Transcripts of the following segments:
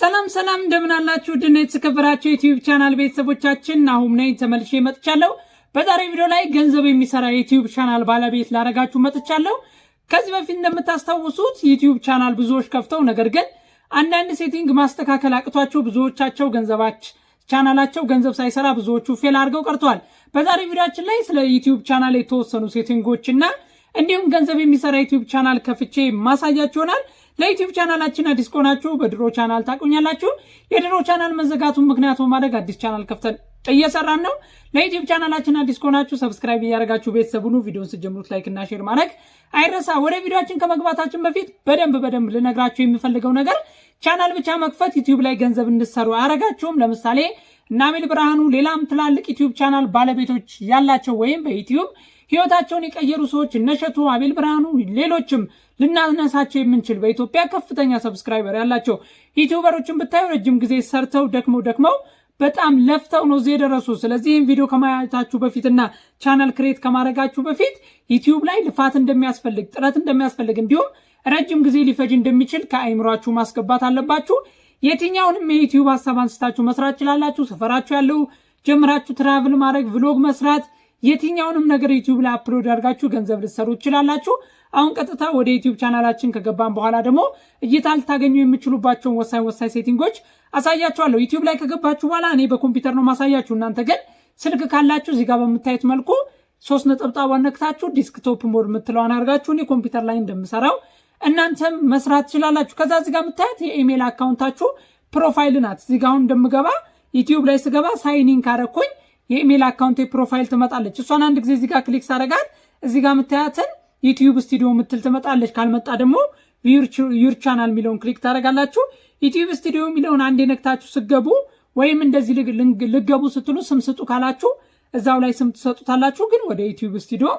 ሰላም ሰላም እንደምን አላችሁ? ድን የተከበራችሁ ዩቲዩብ ቻናል ቤተሰቦቻችን አሁን ነኝ ተመልሼ መጥቻለሁ። በዛሬ ቪዲዮ ላይ ገንዘብ የሚሰራ ዩቲዩብ ቻናል ባለቤት ላረጋችሁ መጥቻለሁ። ከዚህ በፊት እንደምታስታውሱት ዩቲዩብ ቻናል ብዙዎች ከፍተው ነገር ግን አንዳንድ ሴቲንግ ማስተካከል አቅቷቸው ብዙዎቻቸው ገንዘባች ቻናላቸው ገንዘብ ሳይሰራ ብዙዎቹ ፌል አድርገው ቀርተዋል። በዛሬ ቪዲዮችን ላይ ስለ ዩቲዩብ ቻናል የተወሰኑ ሴቲንጎችና እንዲሁም ገንዘብ የሚሰራ ዩቲዩብ ቻናል ከፍቼ ማሳያችሁ ይሆናል። ለዩቲዩብ ቻናላችን አዲስ ከሆናችሁ በድሮ ቻናል ታቆኛላችሁ። የድሮ ቻናል መዘጋቱን ምክንያት በማድረግ አዲስ ቻናል ከፍተን እየሰራን ነው። ለዩቲዩብ ቻናላችን አዲስ ከሆናችሁ ሰብስክራይብ እያደረጋችሁ ቤተሰብ ሁኑ። ቪዲዮን ስጀምሩት ላይክ እና ሼር ማድረግ አይረሳ። ወደ ቪዲዮችን ከመግባታችን በፊት በደንብ በደንብ ልነግራችሁ የምፈልገው ነገር ቻናል ብቻ መክፈት ዩቲዩብ ላይ ገንዘብ እንድትሰሩ አያደርጋችሁም። ለምሳሌ እነ ብርሃኑ ሌላም ትላልቅ ዩቲዩብ ቻናል ባለቤቶች ያላቸው ወይም በዩቲዩብ ህይወታቸውን የቀየሩ ሰዎች እነሸቱ አቤል ብርሃኑ፣ ሌሎችም ልናነሳቸው የምንችል በኢትዮጵያ ከፍተኛ ሰብስክራይበር ያላቸው ዩቲዩበሮችን ብታዩ ረጅም ጊዜ ሰርተው ደክመው ደክመው በጣም ለፍተው ነው እዚህ የደረሱ። ስለዚህ ይህም ቪዲዮ ከማየታችሁ በፊትና ቻናል ክሬት ከማድረጋችሁ በፊት ዩቲዩብ ላይ ልፋት እንደሚያስፈልግ ጥረት እንደሚያስፈልግ እንዲሁም ረጅም ጊዜ ሊፈጅ እንደሚችል ከአይምሯችሁ ማስገባት አለባችሁ። የትኛውንም የዩቲዩብ ሀሳብ አንስታችሁ መስራት ችላላችሁ። ሰፈራችሁ ያለው ጀምራችሁ ትራቭል ማድረግ፣ ቭሎግ መስራት የትኛውንም ነገር ዩቲዩብ ላይ አፕሎድ አድርጋችሁ ገንዘብ ልትሰሩ ትችላላችሁ። አሁን ቀጥታ ወደ ዩቲዩብ ቻናላችን ከገባን በኋላ ደግሞ እይታ ልታገኙ የምችሉባቸውን ወሳኝ ወሳኝ ሴቲንጎች አሳያችኋለሁ። ዩቲዩብ ላይ ከገባችሁ በኋላ እኔ በኮምፒውተር ነው ማሳያችሁ። እናንተ ግን ስልክ ካላችሁ እዚህ ጋር በምታዩት መልኩ ሶስት ነጠብጣቧን ነክታችሁ ዲስክቶፕ ሞድ የምትለዋን አድርጋችሁ እኔ ኮምፒውተር ላይ እንደምሰራው እናንተም መስራት ትችላላችሁ። ከዛ እዚህ ጋር የምታዩት የኢሜይል አካውንታችሁ ፕሮፋይል ናት። እዚህ ጋር አሁን እንደምገባ ዩቲዩብ ላይ ስገባ ሳይኒንግ ካረኩኝ የኢሜል አካውንት ፕሮፋይል ትመጣለች። እሷን አንድ ጊዜ እዚጋ ክሊክ ሳደርጋት እዚጋ የምታያትን ዩቲዩብ ስቱዲዮ የምትል ትመጣለች። ካልመጣ ደግሞ ዩር ቻናል የሚለውን ክሊክ ታደርጋላችሁ። ዩቲዩብ ስቱዲዮ የሚለውን አንድ ነክታችሁ ስገቡ ወይም እንደዚህ ልገቡ ስትሉ ስም ስጡ ካላችሁ እዛው ላይ ስም ትሰጡታላችሁ። ግን ወደ ዩቲዩብ ስቱዲዮ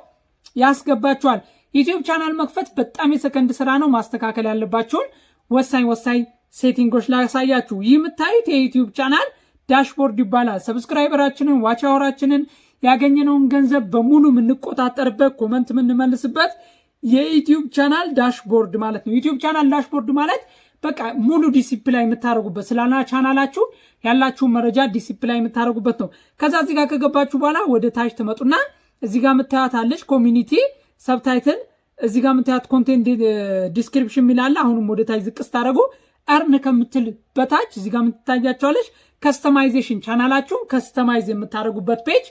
ያስገባችኋል። ዩቲዩብ ቻናል መክፈት በጣም የሰከንድ ስራ ነው። ማስተካከል ያለባችሁን ወሳኝ ወሳኝ ሴቲንጎች ላሳያችሁ። ይህ የምታዩት የዩቲዩብ ቻናል ዳሽቦርድ ይባላል። ሰብስክራይበራችንን ዋች አወራችንን ያገኘነውን ገንዘብ በሙሉ የምንቆጣጠርበት ኮመንት የምንመልስበት የዩትዩብ ቻናል ዳሽቦርድ ማለት ነው። ዩትዩብ ቻናል ዳሽቦርድ ማለት በቃ ሙሉ ዲሲፕላይ የምታደርጉበት ስላና ቻናላችሁ ያላችሁን መረጃ ዲሲፕላይ የምታደርጉበት ነው። ከዛ እዚህ ጋር ከገባችሁ በኋላ ወደ ታች ትመጡና እዚህ ጋር የምታያታለች ኮሚኒቲ ሰብታይትል፣ እዚህ ጋር የምታያት ኮንቴንት ዲስክሪፕሽን የሚላለ አሁንም ወደ ታች ዝቅ ስታደርጉ ኤርን ከምትል በታች እዚጋ የምትታያቸዋለች ከስተማይዜሽን ቻናላችሁን ከስተማይዝ የምታደርጉበት ፔጅ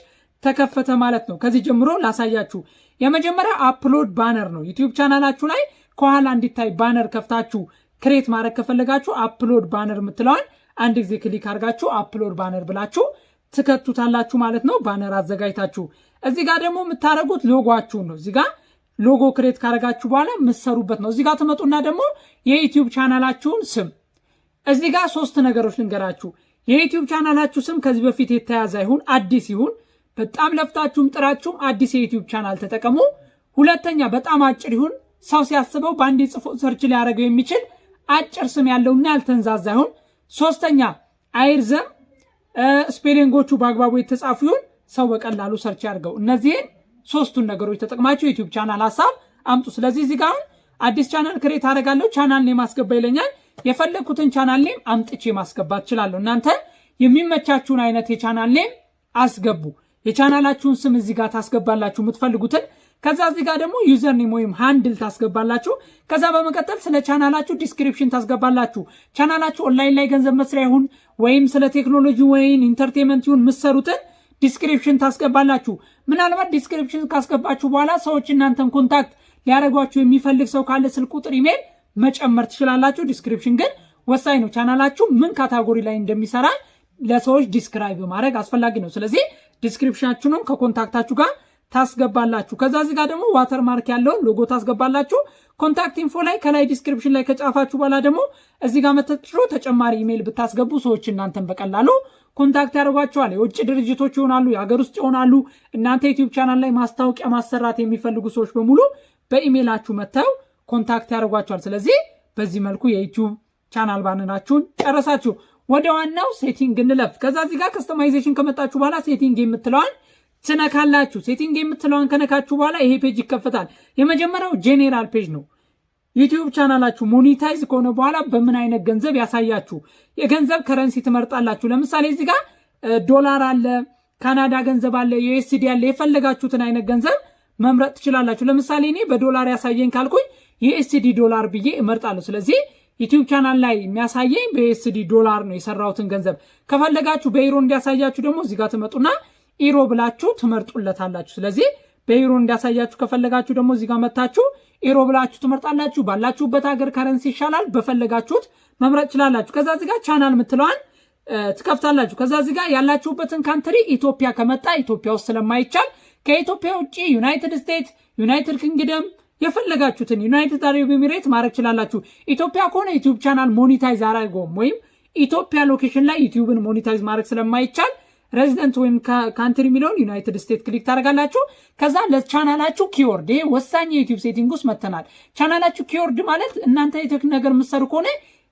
ተከፈተ ማለት ነው። ከዚህ ጀምሮ ላሳያችሁ። የመጀመሪያ አፕሎድ ባነር ነው። ዩቲዩብ ቻናላችሁ ላይ ከኋላ እንዲታይ ባነር ከፍታችሁ ክሬት ማድረግ ከፈለጋችሁ አፕሎድ ባነር የምትለዋል አንድ ጊዜ ክሊክ አድርጋችሁ አፕሎድ ባነር ብላችሁ ትከቱታላችሁ ማለት ነው። ባነር አዘጋጅታችሁ እዚህ ጋር ደግሞ የምታደርጉት ሎጓችሁን ነው እዚህ ጋር ሎጎ ክሬት ካደረጋችሁ በኋላ የምትሰሩበት ነው። እዚህ ጋር ትመጡና ደግሞ የዩትዩብ ቻናላችሁን ስም እዚህ ጋር ሶስት ነገሮች ልንገራችሁ። የዩትዩብ ቻናላችሁ ስም ከዚህ በፊት የተያዘ ይሁን አዲስ ይሁን፣ በጣም ለፍታችሁም ጥራችሁም አዲስ የዩትዩብ ቻናል ተጠቀሙ። ሁለተኛ በጣም አጭር ይሁን፣ ሰው ሲያስበው በአንድ ጽፎ ሰርች ሊያደርገው የሚችል አጭር ስም ያለውና ያልተንዛዛ ይሁን። ሶስተኛ አይርዘም፣ ስፔሊንጎቹ በአግባቡ የተጻፉ ይሁን፣ ሰው በቀላሉ ሰርች ያድርገው። እነዚህን ሶስቱን ነገሮች ተጠቅማችሁ ዩቲዩብ ቻናል ሀሳብ አምጡ። ስለዚህ እዚህ ጋር አዲስ ቻናል ክሬት አደርጋለሁ ቻናል ኔም አስገባ ይለኛል። የፈለግኩትን ቻናል ኔም አምጥቼ ማስገባት እችላለሁ። እናንተ የሚመቻችሁን አይነት የቻናል ኔም አስገቡ። የቻናላችሁን ስም እዚህ ጋር ታስገባላችሁ የምትፈልጉትን። ከዛ እዚህ ጋር ደግሞ ዩዘር ኔም ወይም ሃንድል ታስገባላችሁ። ከዛ በመቀጠል ስለ ቻናላችሁ ዲስክሪፕሽን ታስገባላችሁ። ቻናላችሁ ኦንላይን ላይ ገንዘብ መስሪያ ይሁን ወይም ስለ ቴክኖሎጂ ወይም ኢንተርቴንመንት ይሁን የምትሰሩትን ዲስክሪፕሽን ታስገባላችሁ። ምናልባት ዲስክሪፕሽን ካስገባችሁ በኋላ ሰዎች እናንተን ኮንታክት ሊያደረጓችሁ የሚፈልግ ሰው ካለ ስልክ ቁጥር፣ ኢሜል መጨመር ትችላላችሁ። ዲስክሪፕሽን ግን ወሳኝ ነው። ቻናላችሁ ምን ካታጎሪ ላይ እንደሚሰራ ለሰዎች ዲስክራይብ ማድረግ አስፈላጊ ነው። ስለዚህ ዲስክሪፕሽናችሁንም ከኮንታክታችሁ ጋር ታስገባላችሁ። ከዛ እዚህ ጋር ደግሞ ዋተር ማርክ ያለውን ሎጎ ታስገባላችሁ። ኮንታክት ኢንፎ ላይ ከላይ ዲስክሪፕሽን ላይ ከጫፋችሁ በኋላ ደግሞ እዚህ ጋር መተጥሮ ተጨማሪ ኢሜይል ብታስገቡ ሰዎች እናንተን በቀላሉ ኮንታክት ያደርጓቸዋል። የውጭ ድርጅቶች ይሆናሉ፣ የሀገር ውስጥ ይሆናሉ። እናንተ ዩቲዩብ ቻናል ላይ ማስታወቂያ ማሰራት የሚፈልጉ ሰዎች በሙሉ በኢሜይላችሁ መጥተው ኮንታክት ያደርጓቸዋል። ስለዚህ በዚህ መልኩ የዩቲዩብ ቻናል ባንናችሁን ጨረሳችሁ። ወደ ዋናው ሴቲንግ እንለፍ። ከዛ እዚህ ጋር ከስተማይዜሽን ከመጣችሁ በኋላ ሴቲንግ የምትለዋል ትነካላችሁ። ሴቲንግ የምትለዋን ከነካችሁ በኋላ ይሄ ፔጅ ይከፈታል። የመጀመሪያው ጄኔራል ፔጅ ነው። ዩቲዩብ ቻናላችሁ ሞኒታይዝ ከሆነ በኋላ በምን አይነት ገንዘብ ያሳያችሁ የገንዘብ ከረንሲ ትመርጣላችሁ። ለምሳሌ እዚህ ጋር ዶላር አለ፣ ካናዳ ገንዘብ አለ፣ ዩኤስሲዲ አለ። የፈለጋችሁትን አይነት ገንዘብ መምረጥ ትችላላችሁ። ለምሳሌ እኔ በዶላር ያሳየኝ ካልኩኝ ዩኤስዲ ዶላር ብዬ እመርጣለሁ። ስለዚህ ዩቲዩብ ቻናል ላይ የሚያሳየኝ በዩኤስሲዲ ዶላር ነው የሰራሁትን ገንዘብ። ከፈለጋችሁ በኢሮ እንዲያሳያችሁ ደግሞ እዚህ ጋር ትመጡና ኢሮ ብላችሁ ትመርጡለታላችሁ። ስለዚህ በኢሮ እንዲያሳያችሁ ከፈለጋችሁ ደግሞ እዚህ ጋር መታችሁ ኢሮ ብላችሁ ትመርጣላችሁ። ባላችሁበት ሀገር ከረንሲ ይሻላል፣ በፈለጋችሁት መምረጥ ችላላችሁ። ከዛ እዚህ ጋር ቻናል ምትለዋን ትከፍታላችሁ። ከዛ እዚህ ጋር ያላችሁበትን ካንትሪ ኢትዮጵያ ከመጣ ኢትዮጵያ ውስጥ ስለማይቻል ከኢትዮጵያ ውጭ ዩናይትድ ስቴትስ፣ ዩናይትድ ኪንግደም የፈለጋችሁትን ዩናይትድ አረብ ኤሚሬት ማድረግ ችላላችሁ። ኢትዮጵያ ከሆነ ዩቲዩብ ቻናል ሞኒታይዝ አላይጎም ወይም ኢትዮጵያ ሎኬሽን ላይ ዩቲዩብን ሞኒታይዝ ማድረግ ስለማይቻል ሬዚደንት ወይም ካንትሪ የሚለውን ዩናይትድ ስቴት ክሊክ ታደርጋላችሁ። ከዛ ለቻናላችሁ ኪወርድ ይሄ ወሳኝ የዩቲዩብ ሴቲንግ ውስጥ መተናል። ቻናላችሁ ኪወርድ ማለት እናንተ የቴክ ነገር የምትሰሩ ከሆነ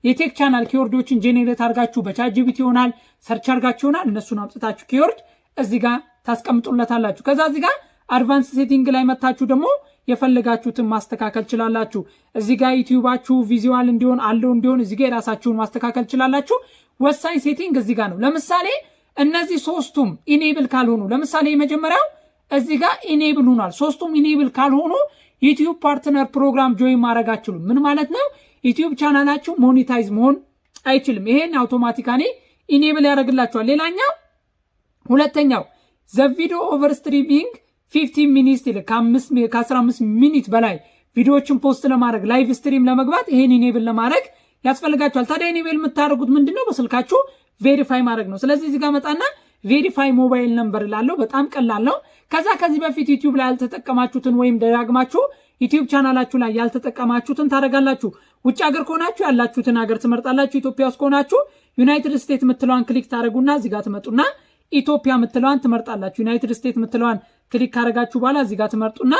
የቴክ ቻናል ኪወርዶችን ጄኔሬት አድርጋችሁ በቻትጂፒቲ ይሆናል ሰርች አድርጋችሁ ይሆናል እነሱን አምጥታችሁ ኪወርድ እዚህ ጋር ታስቀምጡለታላችሁ። ከዛ እዚህ ጋር አድቫንስ ሴቲንግ ላይ መታችሁ ደግሞ የፈለጋችሁትን ማስተካከል ችላላችሁ። እዚህ ጋር ዩቲዩባችሁ ቪዚዋል እንዲሆን አለው እንዲሆን እዚህ ጋር የራሳችሁን ማስተካከል ችላላችሁ። ወሳኝ ሴቲንግ እዚህ ጋር ነው። ለምሳሌ እነዚህ ሶስቱም ኢኔብል ካልሆኑ ለምሳሌ የመጀመሪያው እዚህ ጋር ኢኔብል ሆኗል። ሶስቱም ኢኔብል ካልሆኑ ዩቲዩብ ፓርትነር ፕሮግራም ጆይን ማድረግ አችሉም። ምን ማለት ነው? ዩቲዩብ ቻናላችሁ ሞኔታይዝ መሆን አይችልም። ይሄን አውቶማቲካኔ ኢኔብል ያደርግላችኋል። ሌላኛው ሁለተኛው ቪዲዮ ኦቨር ስትሪሚንግ ፊፍቲን ሚኒት ይል ከአስራ አምስት ሚኒት በላይ ቪዲዮዎችን ፖስት ለማድረግ ላይቭ ስትሪም ለመግባት ይሄን ኢኔብል ለማድረግ ያስፈልጋቸዋል። ታዲያ ኢኔብል የምታደርጉት ምንድነው? በስልካችሁ ቬሪፋይ ማድረግ ነው። ስለዚህ እዚህ ጋር መጣና ቬሪፋይ ሞባይል ነምበር ላለው በጣም ቀላል ነው። ከዛ ከዚህ በፊት ዩቲዩብ ላይ ያልተጠቀማችሁትን ወይም ደጋግማችሁ ዩቲዩብ ቻናላችሁ ላይ ያልተጠቀማችሁትን ታደርጋላችሁ። ውጭ ሀገር ከሆናችሁ ያላችሁትን ሀገር ትመርጣላችሁ። ኢትዮጵያ ውስጥ ከሆናችሁ ዩናይትድ ስቴትስ ምትለዋን ክሊክ ታደረጉና እዚጋ ትመጡና ኢትዮጵያ ምትለዋን ትመርጣላችሁ። ዩናይትድ ስቴትስ ምትለዋን ክሊክ ካደረጋችሁ በኋላ እዚጋ ትመርጡና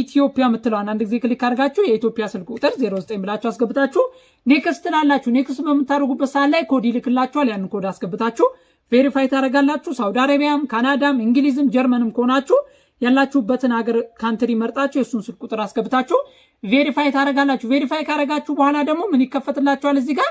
ኢትዮጵያ የምትለዋን አንድ ጊዜ ክሊክ አድርጋችሁ የኢትዮጵያ ስልክ ቁጥር 09 ብላችሁ አስገብታችሁ ኔክስት ትላላችሁ። ኔክስት በምታደርጉበት ሰዓት ላይ ኮድ ይልክላችኋል። ያንን ኮድ አስገብታችሁ ቬሪፋይ ታደርጋላችሁ። ሳውዲ አረቢያም፣ ካናዳም፣ እንግሊዝም ጀርመንም ከሆናችሁ ያላችሁበትን ሀገር ካንትሪ መርጣችሁ የእሱን ስልክ ቁጥር አስገብታችሁ ቬሪፋይ ታደርጋላችሁ። ቬሪፋይ ካደረጋችሁ በኋላ ደግሞ ምን ይከፈትላችኋል? እዚህ ጋር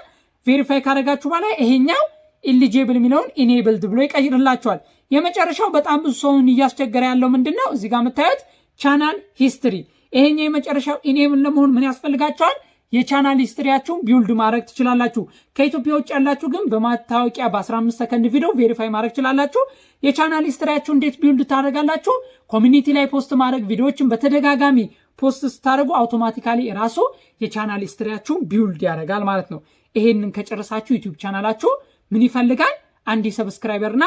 ቬሪፋይ ካደረጋችሁ በኋላ ይሄኛው ኢሊጂብል የሚለውን ኢኔብልድ ብሎ ይቀይርላችኋል። የመጨረሻው በጣም ብዙ ሰውን እያስቸገረ ያለው ምንድን ነው? እዚህ ጋር የምታዩት ቻናል ሂስትሪ ይሄኛ የመጨረሻው ኢኔብል ለመሆን ምን ያስፈልጋቸዋል? የቻናል ሂስትሪያችሁን ቢውልድ ማድረግ ትችላላችሁ። ከኢትዮጵያ ውጭ ያላችሁ ግን በማታወቂያ በ15 ሰከንድ ቪዲዮ ቬሪፋይ ማድረግ ትችላላችሁ። የቻናል ሂስትሪያችሁ እንዴት ቢውልድ ታደርጋላችሁ? ኮሚኒቲ ላይ ፖስት ማድረግ፣ ቪዲዮዎችን በተደጋጋሚ ፖስት ስታደርጉ አውቶማቲካሊ ራሱ የቻናል ሂስትሪያችሁን ቢውልድ ያደርጋል ማለት ነው። ይሄንን ከጨረሳችሁ ዩቲዩብ ቻናላችሁ ምን ይፈልጋል? አንድ ሰብስክራይበርና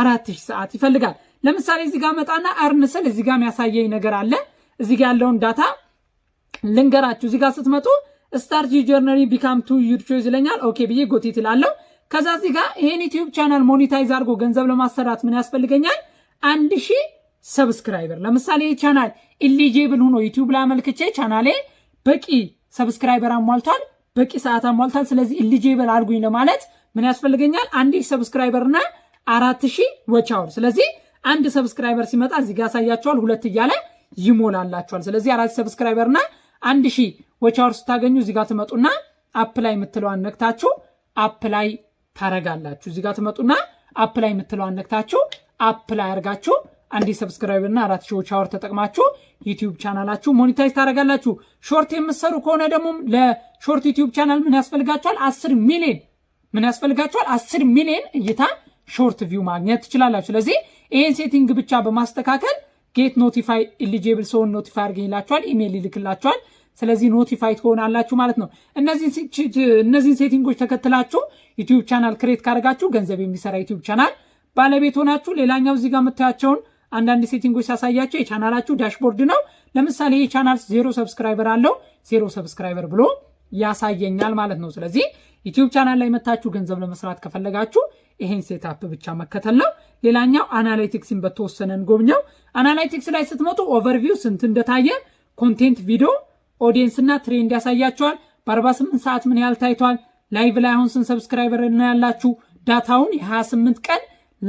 አራት ሺህ ሰዓት ይፈልጋል። ለምሳሌ እዚህ ጋር መጣና አርን እዚህ ጋር የሚያሳየኝ ነገር አለ። እዚህ ጋር ያለውን ዳታ ልንገራችሁ። እዚህ ጋር ስትመጡ ስታርት ጆርነሪ ቢካም ቱ ዩር ቾይዝ ይለኛል። ኦኬ ብዬ ጎቴ እላለሁ። ከዛ እዚህ ጋር ይሄን ዩቲዩብ ቻናል ሞኒታይዝ አድርጎ ገንዘብ ለማሰራት ምን ያስፈልገኛል? አንድ ሺህ ሰብስክራይበር። ለምሳሌ ቻናል ኢሊጂብል ሆኖ ዩቲዩብ ላይ አመልክቼ ቻናሌ በቂ ሰብስክራይበር አሟልቷል፣ በቂ ሰዓት አሟልቷል፣ ስለዚህ ኢሊጂብል አድርጉኝ ለማለት ምን ያስፈልገኛል? አንድ ሺህ ሰብስክራይበር እና አራት ሺህ ወቻውር ስለዚህ አንድ ሰብስክራይበር ሲመጣ እዚህ ጋር ያሳያቸዋል። ሁለት እያለ ይሞላላቸዋል። ስለዚህ አራት ሰብስክራይበር እና አንድ ሺህ ወቻወር ስታገኙ እዚህ ጋር ትመጡና አፕላይ የምትለዋን ነክታችሁ አፕላይ ታረጋላችሁ። እዚህ ጋር ትመጡና አፕላይ የምትለዋን ነክታችሁ አፕላይ አርጋችሁ አንድ ሰብስክራይበር እና አራት ሺህ ወቻወር ተጠቅማችሁ ዩቲዩብ ቻናላችሁ ሞኒታይዝ ታረጋላችሁ። ሾርት የምትሰሩ ከሆነ ደግሞ ለሾርት ዩቲዩብ ቻናል ምን ያስፈልጋችኋል? አስር ሚሊዮን ምን ያስፈልጋችኋል? አስር ሚሊዮን እይታ ሾርት ቪው ማግኘት ትችላላችሁ። ስለዚህ ይህን ሴቲንግ ብቻ በማስተካከል ጌት ኖቲፋይ ኢሊጂብል ሰውን ኖቲፋይ አድርገኝ ይላችኋል፣ ኢሜይል ይልክላችኋል። ስለዚህ ኖቲፋይ ትሆናላችሁ ማለት ነው። እነዚህን ሴቲንጎች ተከትላችሁ ዩቲዩብ ቻናል ክሬት ካደረጋችሁ ገንዘብ የሚሰራ ዩቲዩብ ቻናል ባለቤት ሆናችሁ። ሌላኛው እዚህ ጋር የምታያቸውን አንዳንድ ሴቲንጎች ሲያሳያቸው የቻናላችሁ ዳሽቦርድ ነው። ለምሳሌ ይህ ቻናል ዜሮ ሰብስክራይበር አለው ዜሮ ሰብስክራይበር ብሎ ያሳየኛል ማለት ነው። ስለዚህ ዩቲዩብ ቻናል ላይ መታችሁ ገንዘብ ለመስራት ከፈለጋችሁ ይሄን ሴታፕ ብቻ መከተል ነው። ሌላኛው አናላይቲክስን በተወሰነ እንጎብኘው። አናላይቲክስ ላይ ስትመጡ ኦቨርቪው ስንት እንደታየ ኮንቴንት፣ ቪዲዮ፣ ኦዲየንስ እና ትሬንድ ያሳያቸዋል። በ48 ሰዓት ምን ያህል ታይቷል፣ ላይቭ ላይ አሁን ስንት ሰብስክራይበር እና ያላችሁ ዳታውን የ28 ቀን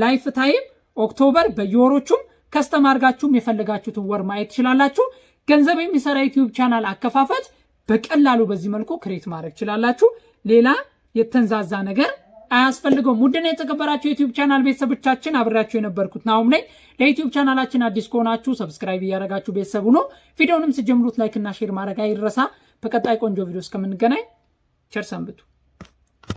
ላይፍ ታይም ኦክቶበር በየወሮቹም ከስተማ አድርጋችሁም የፈለጋችሁትን ወር ማየት ትችላላችሁ። ገንዘብ የሚሰራ ዩቲዩብ ቻናል አከፋፈት በቀላሉ በዚህ መልኩ ክሬት ማድረግ ትችላላችሁ። ሌላ የተንዛዛ ነገር አያስፈልገውም። ውድና የተከበራችሁ የዩቲዩብ ቻናል ቤተሰቦቻችን አብሬያችሁ የነበርኩት ናሁም ነኝ። ለዩቲዩብ ቻናላችን አዲስ ከሆናችሁ ሰብስክራይብ እያደረጋችሁ ቤተሰቡ ነው። ቪዲዮንም ስጀምሩት ላይክና ሼር ማድረግ አይረሳ። በቀጣይ ቆንጆ ቪዲዮ እስከምንገናኝ ቸር ሰንብቱ።